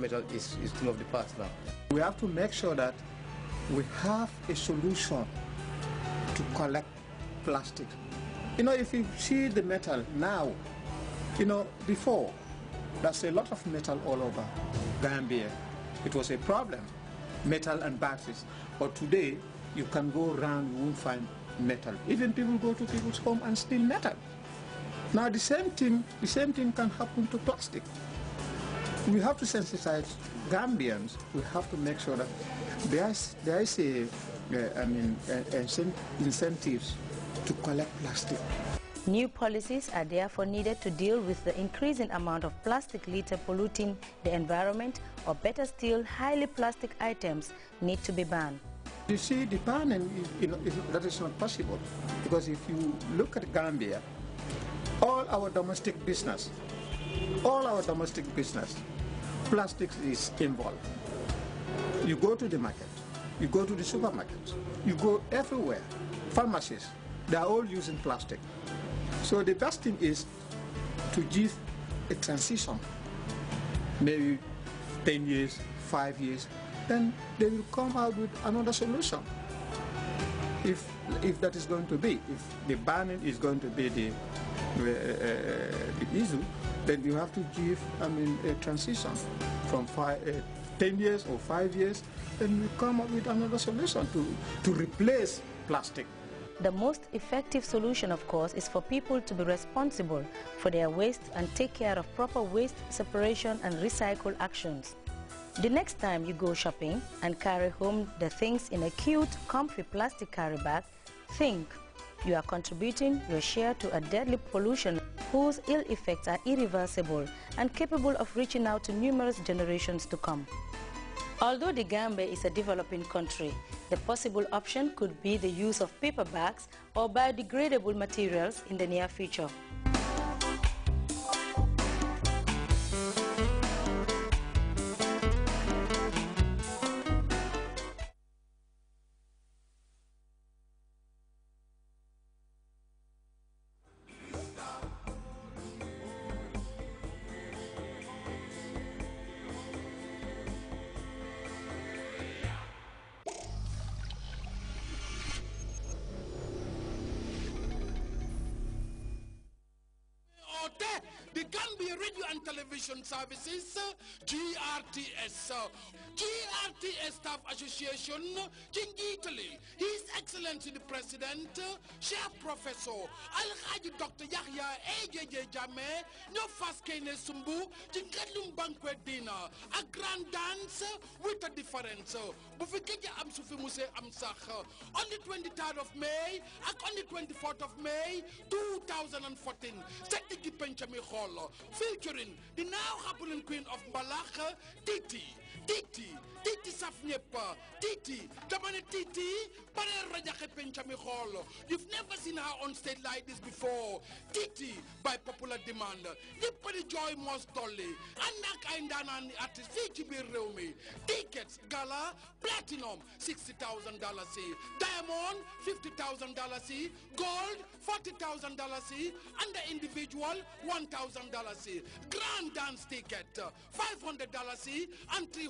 metal is, is thing of the past now. We have to make sure that we have a solution to collect plastic. You know, if you see the metal now, you know, before, there's a lot of metal all over Gambia. It was a problem, metal and batteries. But today, you can go around, you won't find metal. Even people go to people's home and steal metal. Now the same thing, the same thing can happen to plastic we have to sensitize Gambians. We have to make sure that there is, there is a, uh, mean, incentives to collect plastic. New policies are therefore needed to deal with the increasing amount of plastic litter polluting the environment, or better still, highly plastic items need to be banned. You see, the banning, is, you know, is, that is not possible, because if you look at Gambia, all our domestic business, all our domestic business plastics is involved. You go to the market, you go to the supermarket, you go everywhere, pharmacies, they're all using plastic. So the best thing is to give a transition, maybe 10 years, 5 years, then they will come out with another solution. If, if that is going to be, if the banning is going to be the, uh, uh, uh, the issue, then you have to give, I mean, a transition from five, uh, 10 years or 5 years, and we come up with another solution to, to replace plastic. The most effective solution, of course, is for people to be responsible for their waste and take care of proper waste separation and recycle actions. The next time you go shopping and carry home the things in a cute, comfy plastic carry bag, think you are contributing your share to a deadly pollution whose ill effects are irreversible and capable of reaching out to numerous generations to come. Although the Gambia is a developing country, the possible option could be the use of paper bags or biodegradable materials in the near future. Gambia Radio and Television Services, GRTS. GRTS Staff Association ci njiitali His Excellency the President Cheikh Professor Alhaji Dr. Yahya AJJ Jammeh ñoo fas kene sumbu ci ngallum banquet dinner a grand dance with a difference bu fi gëj am su fi musee am sax on the 23rd of May ak on the 24th of May 2014 seeti gi penc mi xool featuring the now happening queen of mbalax Titi titi titi saf ñëpp titi dama titi pareel rajaxe penca mi you've never seen her on stage like this before titi by popular demand ñëpp joy most moos dolli ànd ak ay ndaanaan artiste fii ci biir réew mi tickets gala platinum sixty thousand dollars yi diamond fifty thousand dollars yi gold forty thousand dollars yi and the individual one thousand dollars yi grand dance ticket five hundred dollars yi and three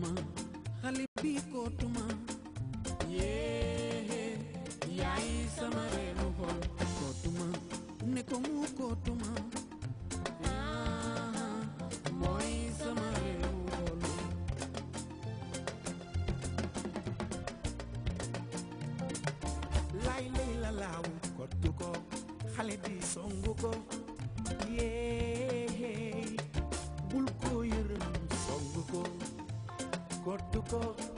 ma xale bi kootuma yee yaay sama reenu xol kootuma ne ko mu kootuma mooy sama reenu xol lay lay la laaw kootu xale bi songu locos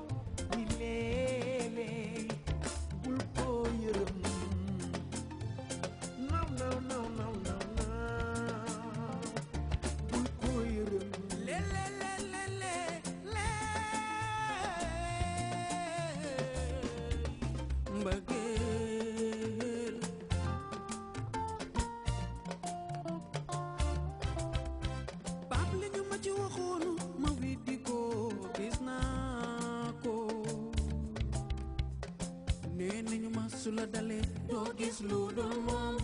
nee nañu ma su la dalee doo gis lu dul moom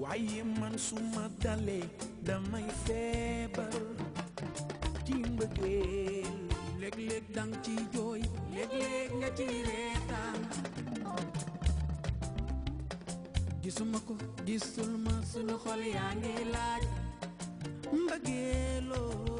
waaye man su dalee damay feebar ci mbëggeel léeg-léeg dang ci jooy léeg-léeg nga ci reetaan gisuma ko gisul ma sunu xol yaa ngi laaj mbëggeeloo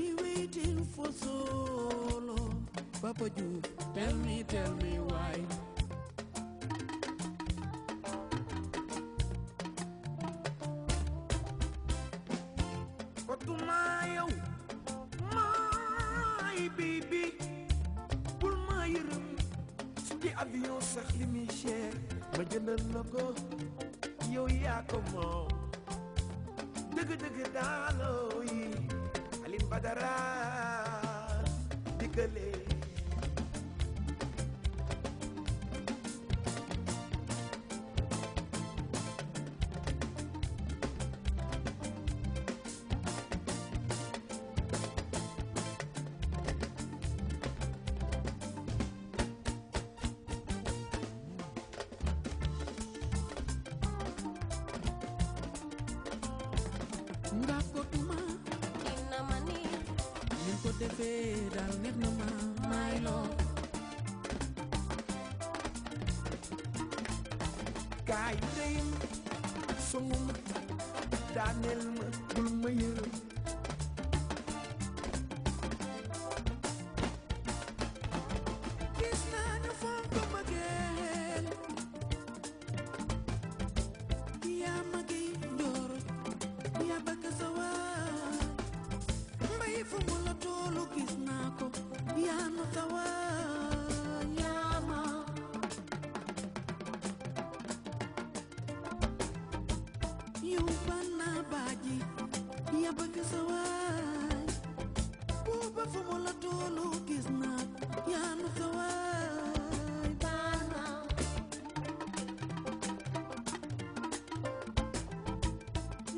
avion sax li muy cher ma jëndal la ko yaa ko moom dëgg-dëgg daanoo yi Alioune Badara dikkalee defee daal neex na ma my love kaay ndeyam songuma daaneel ma bul ma yërëm tuubal naa baaji ya bëgg sa waay buuba fu mu la toolu gis naa yaa nu sa baana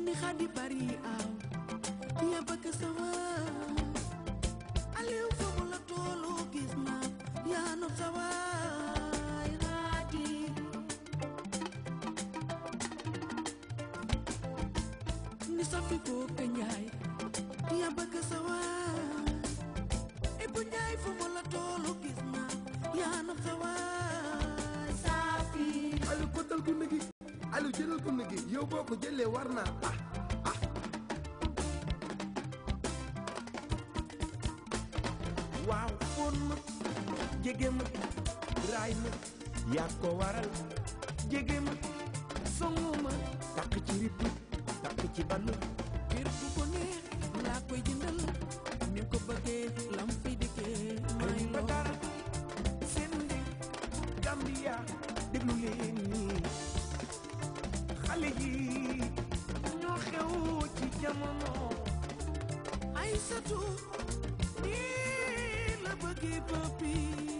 ni xadi bari aw ya bëgg sa waay aliw fu mu la toolu gis naa yaa nu sa sapi bu kenyai dia bëgg sawaa e bu ñaay fu mu la toolu gis safi alu kotal gune gi alu jëlal gune gi yow boo ko jëlee war naa ah ah waaw foon ma jege ma raay ko waral jege ma songu ma takk takk ci ball kër bu ko neex laa koy jëndal ni ko bëggee lam fay dëkkee may Dakar Sende Gambia déglu leen ñi xale yi ñoo xew ci jamono ay satu nii la bëggee papi